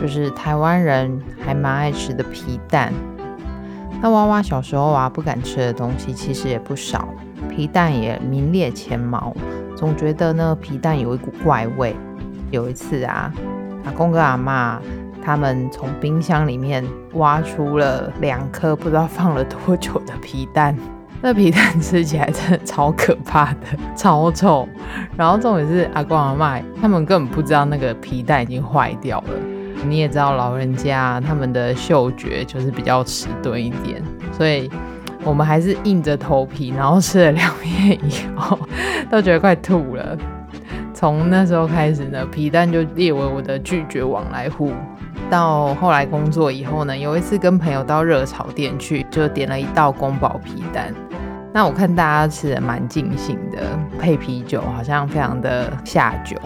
就是台灣人還蠻愛吃的皮蛋。那娃娃小時候啊，不敢吃的東西其實也不少，皮蛋也名列前茅。總覺得呢，皮蛋有一股怪味。有一次啊，阿公跟阿媽他們從冰箱裡面挖出了兩顆不知道放了多久的皮蛋，那皮蛋吃起來真的超可怕的，超臭。然後重點也是阿公阿媽他們根本不知道那個皮蛋已經壞掉了。你也知道，老人家他們的嗅覺就是比較遲鈍一點，所以我們還是硬着頭皮，然後吃了兩片以後，都覺得快吐了。從那時候開始呢，皮蛋就列為我的拒絕往來戶。到後來工作以後呢，有一次跟朋友到熱炒店去，就點了一道宮保皮蛋。那我看大家吃得蠻盡興的，配啤酒好像非常的下酒，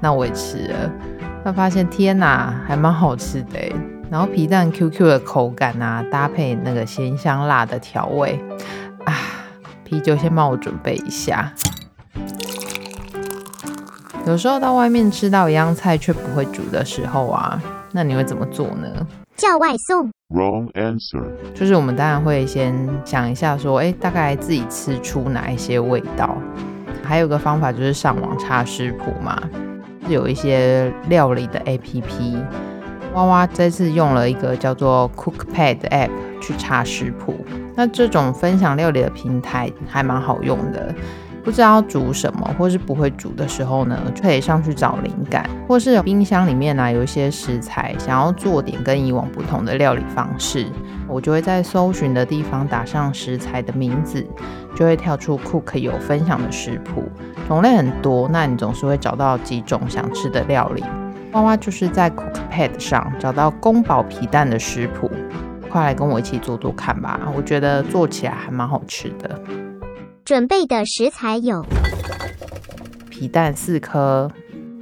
那我也吃了。會發現天啊，還蠻好吃的。然後皮蛋 Q Q 的口感啊，搭配那個鮮香辣的調味，啊，啤酒先幫我準備一下。有時候到外面吃到一樣菜卻不會煮的時候啊，那你會怎麼做呢？叫外送？Wrong answer。就是我們當然會先想一下說，說哎，大概自己吃出哪一些味道？還有一個方法就是上網查食譜嘛。是有一些料理的 APP，蛙蛙這次用了一個叫做 Cookpad 的 APP 去查食譜，那這種分享料理的平台，還蠻好用的。不知道煮什麼，或是不會煮的時候呢，就可以上去找靈感，或是冰箱裡面呢、啊、有一些食材，想要做點跟以往不同的料理方式，我就會在搜尋的地方打上食材的名字，就會跳出 Cook 有分享的食譜，種類很多，那你總是會找到幾種想吃的料理。蛙蛙就是在 Cookpad 上找到宮保皮蛋的食譜，快來跟我一起做做看吧，我覺得做起來還蠻好吃的。準備的食材有：皮蛋四顆、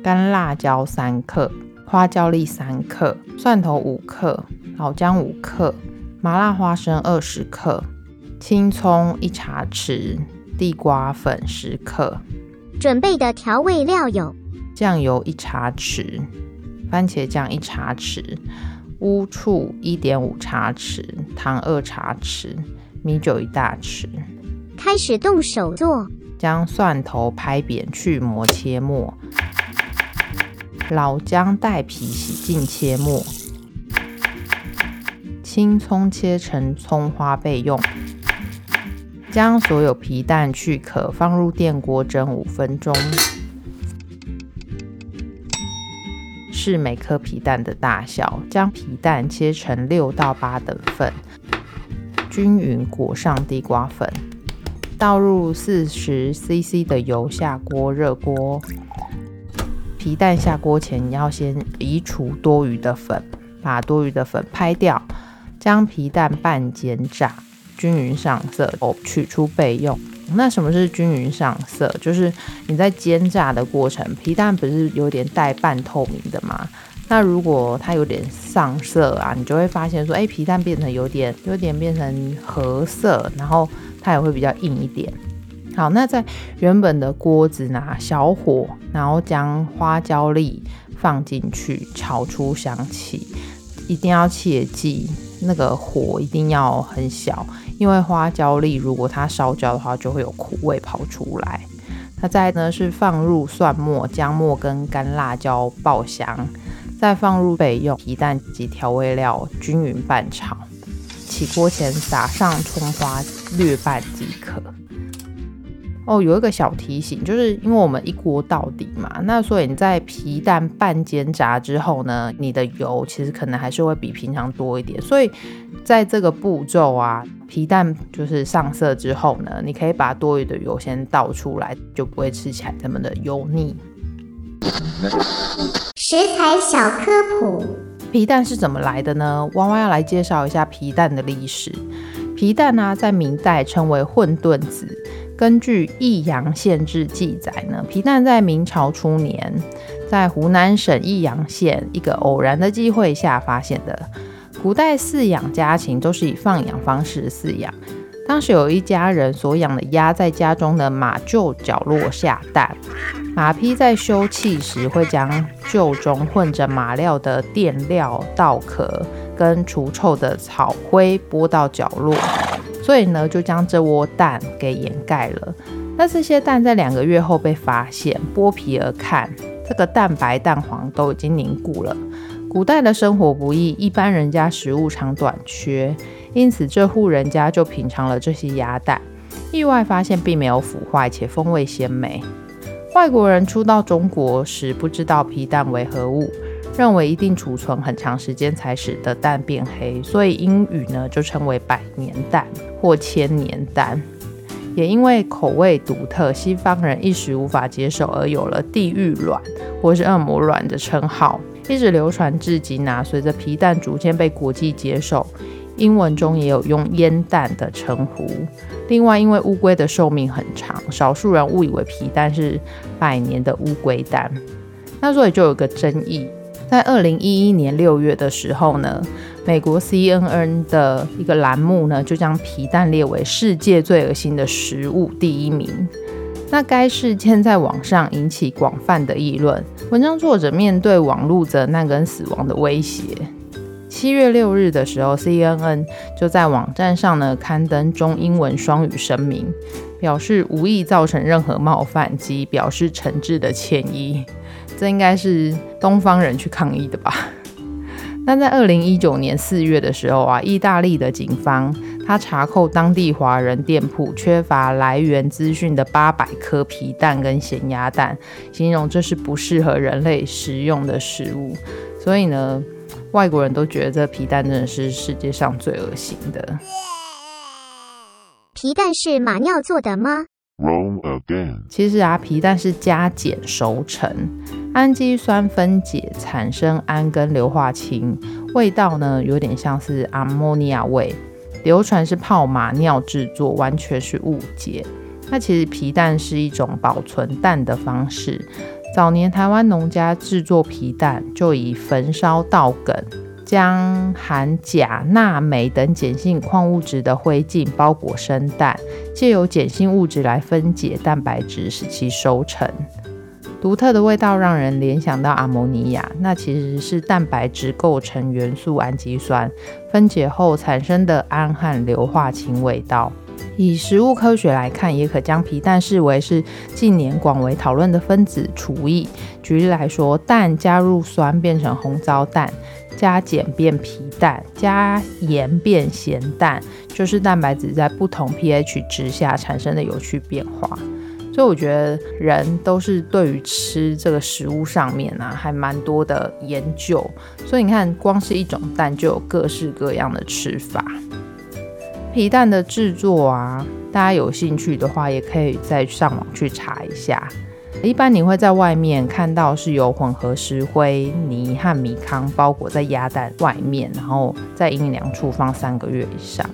乾辣椒三克、花椒粒三克、蒜頭五克、老薑五克、麻辣花生二十克、青蔥一茶匙、地瓜粉十克。準備的調味料有：醬油一茶匙、番茄醬一茶匙、烏醋一點五茶匙、糖二茶匙、米酒一大匙。開始動手做，將蒜頭拍扁去膜切末，老薑帶皮洗淨切末，青蔥切成蔥花備用。將所有皮蛋去殼，放入電鍋蒸五分鐘。視每顆皮蛋的大小，將皮蛋切成六到八等份，均勻裹上地瓜粉。倒入四十 CC 的油，下鍋熱鍋。皮蛋下鍋前，你要先移除多餘的粉，把多餘的粉拍掉。將皮蛋半煎炸，均勻上色哦。取出備用。那什麼是均勻上色？就是你在煎炸的過程，皮蛋不是有點帶半透明的嗎？那如果它有點上色啊，你就會發現說，欸、皮蛋變成有點有點變成褐色，然後它也會比較硬一點。好，那在原本的鍋子拿小火，然後將花椒粒放進去炒出香氣，一定要切記那個火一定要很小，因為花椒粒如果它燒焦的話，就會有苦味跑出來。那再呢是放入蒜末、薑末跟乾辣椒爆香。再放入備用皮蛋及調味料，均勻拌炒。起鍋前撒上蔥花，略拌即可。哦，有一個小提醒，就是因為我們一鍋到底嘛，那所以你在皮蛋半煎炸之後呢，你的油其實可能還是會比平常多一點，所以在這個步驟啊，皮蛋就是上色之後呢，你可以把多餘的油先倒出來，就不會吃起來那麼的油膩。 食材小科普：皮蛋是怎麼來的呢？蛙蛙要來介紹一下皮蛋的歷史。皮蛋呢、啊，在明代稱為混沌子。根據益陽縣志記載呢，皮蛋在明朝初年，在湖南省益陽縣一個偶然的機會下發現的。古代飼養家禽都是以放養方式飼養。當時有一家人所養的鴨，在家中的馬廄角落下蛋。馬匹在休憩時，會將廄中混着馬料的墊料、稻殼跟除臭的草灰撥到角落，所以呢，就將這窩蛋給掩蓋了。那這些蛋在兩個月後被發現，剝皮而看，這個蛋白蛋黃都已經凝固了。古代的生活不易，一般人家食物常短缺，因此這戶人家就品嘗了這些鴨蛋，意外發現並沒有腐壞，且風味鮮美。外國人初到中國時不知道皮蛋為何物，認為一定儲存很長時間才使得蛋變黑，所以英語呢就稱為百年蛋或千年蛋。也因為口味獨特，西方人一時無法接受，而有了地獄卵或是惡魔卵的稱號。一直流傳至今啊。隨着皮蛋逐漸被國際接受，英文中也有用“煙蛋”的稱呼。另外，因為烏龜的壽命很長，少數人誤以為皮蛋是百年的烏龜蛋，那所以就有個爭議。在二零一一年六月的時候呢，美國 CNN 的一個欄目呢，就將皮蛋列為世界最噁心的食物第一名。那該事件在網上引起廣泛的議論。文章作者面對網絡責難跟死亡的威脅，七月六日的時候，CNN 就在網站上呢刊登中英文雙語聲明，表示無意造成任何冒犯及表示誠摯的歉意。這應該是東方人去抗議的吧？但在二零一九年四月的時候啊，意大利的警方他查扣當地華人店鋪缺乏來源資訊的八百顆皮蛋跟鹹鴨蛋，形容這是不適合人類食用的食物。所以呢，外國人都覺得這皮蛋真的是世界上最噁心的。皮蛋是馬尿做的嗎？其實啊，皮蛋是加鹼熟成，氨基酸分解產生氨跟硫化氫，味道呢有點像是阿摩尼亞味。流傳是泡馬尿製作，完全是誤解。那其實皮蛋是一種保存蛋的方式。早年台灣農家製作皮蛋，就以焚燒稻梗。將含鉀、鈉、鎂等鹼性礦物質的灰燼包裹生蛋，借由鹼性物質來分解蛋白質，使其收成。獨特的味道讓人聯想到阿摩尼亞，那其實是蛋白質構成元素氨基酸分解後產生的氨和硫化氫味道。以食物科學來看，也可將皮蛋視為是近年廣為討論的分子廚藝。舉例來說，蛋加入酸變成紅糟蛋，加鹼變皮蛋，加鹽變鹹蛋，就是蛋白質在不同 pH 值下產生的有趣變化。所以我覺得人都是對於吃這個食物上面呢、啊，還蠻多的研究。所以你看，光是一種蛋就有各式各樣的吃法。皮蛋的製作啊，大家有興趣的話，也可以再上網去查一下。一般你會在外面看到是由混合石灰泥和米糠包裹在鴨蛋外面，然後在陰涼處放三個月以上，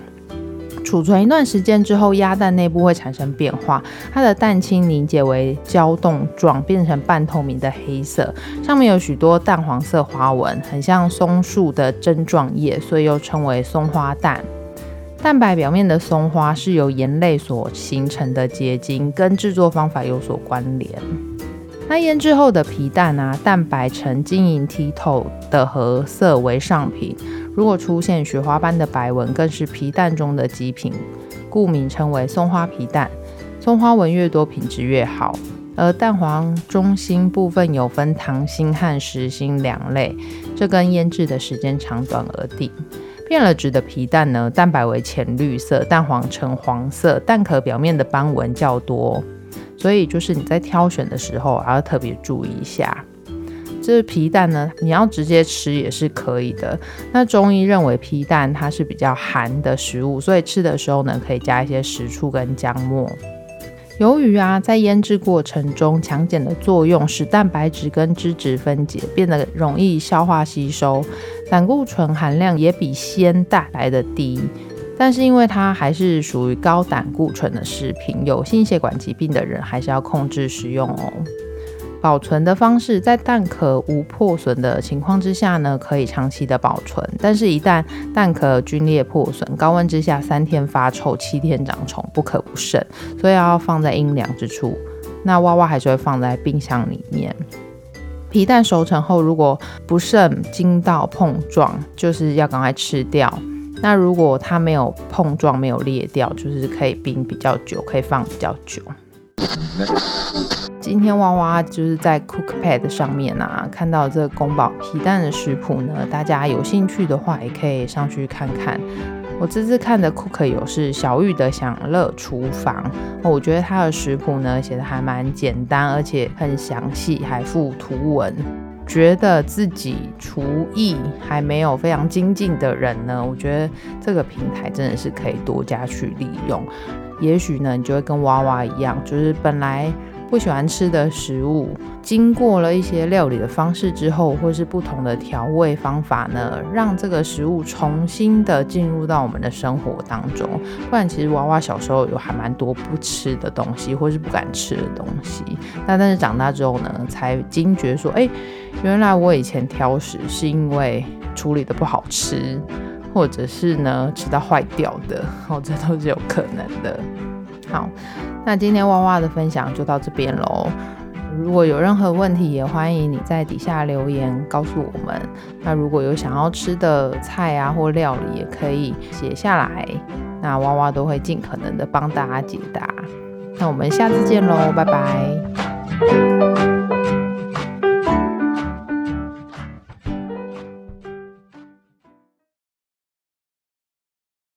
儲存一段時間之後，鴨蛋內部會產生變化，它的蛋清凝結為膠凍狀，變成半透明的黑色，上面有許多淡黃色花紋，很像松樹的針狀葉，所以又稱為松花蛋。蛋白表面的松花是由鹽類所形成的結晶，跟製作方法有所關聯。那醃製後的皮蛋啊，蛋白呈晶瑩剔透的褐色為上品，如果出現雪花般的白紋，更是皮蛋中的極品，故名稱為松花皮蛋。松花紋越多，品質越好。而蛋黃中心部分有分溏心和實心兩類，這跟醃製的時間長短而定。變了質的皮蛋呢，蛋白為淺綠色，蛋黃呈黃色，蛋殼表面的斑紋較多，所以就是你在挑選的時候要特別注意一下。這皮蛋呢，你要直接吃也是可以的。那中醫認為皮蛋它是比較寒的食物，所以吃的時候呢，可以加一些食醋跟薑末。由於啊，在醃製過程中，強鹼的作用使蛋白質跟脂質分解，變得容易消化吸收，膽固醇含量也比鮮蛋來的低。但是因為它還是屬於高膽固醇的食品，有心血管疾病的人還是要控制食用哦。保存的方式，在蛋殼無破損的情況之下呢，可以長期的保存。但是，一旦蛋殼龜裂破損，高溫之下三天發臭，七天長蟲，不可不慎。所以要放在陰涼之處。那娃娃還是會放在冰箱裡面。皮蛋熟成後，如果不慎驚到碰撞，就是要趕快吃掉。那如果它沒有碰撞，沒有裂掉，就是可以冰比較久，可以放比較久。 今天蛙蛙就是在 Cookpad 上面啊，看到這個宮保皮蛋的食譜呢，大家有興趣的話也可以上去看看。我這次看的廚友是小毓的饗樂廚房，我覺得它的食譜呢寫的還蠻簡單，而且很詳細，還附圖文。覺得自己廚藝還沒有非常精進的人呢，我覺得這個平台真的是可以多加去利用。也許呢，你就會跟蛙蛙一樣，就是本來。不喜歡吃的食物，經過了一些料理的方式之後，或是不同的調味方法呢，讓這個食物重新的進入到我們的生活當中。不然，其實娃娃小時候有還蠻多不吃的東西，或是不敢吃的東西。那但是長大之後呢，才驚覺說，哎、欸，原來我以前挑食是因為處理的不好吃，或者是呢吃到壞掉的，哦，這都是有可能的。好。那今天蛙蛙的分享就到這邊嘍。如果有任何問題，也歡迎你在底下留言告訴我們。那如果有想要吃的菜啊或料理，也可以寫下來，那蛙蛙都會盡可能的幫大家解答。那我們下次見嘍，拜拜。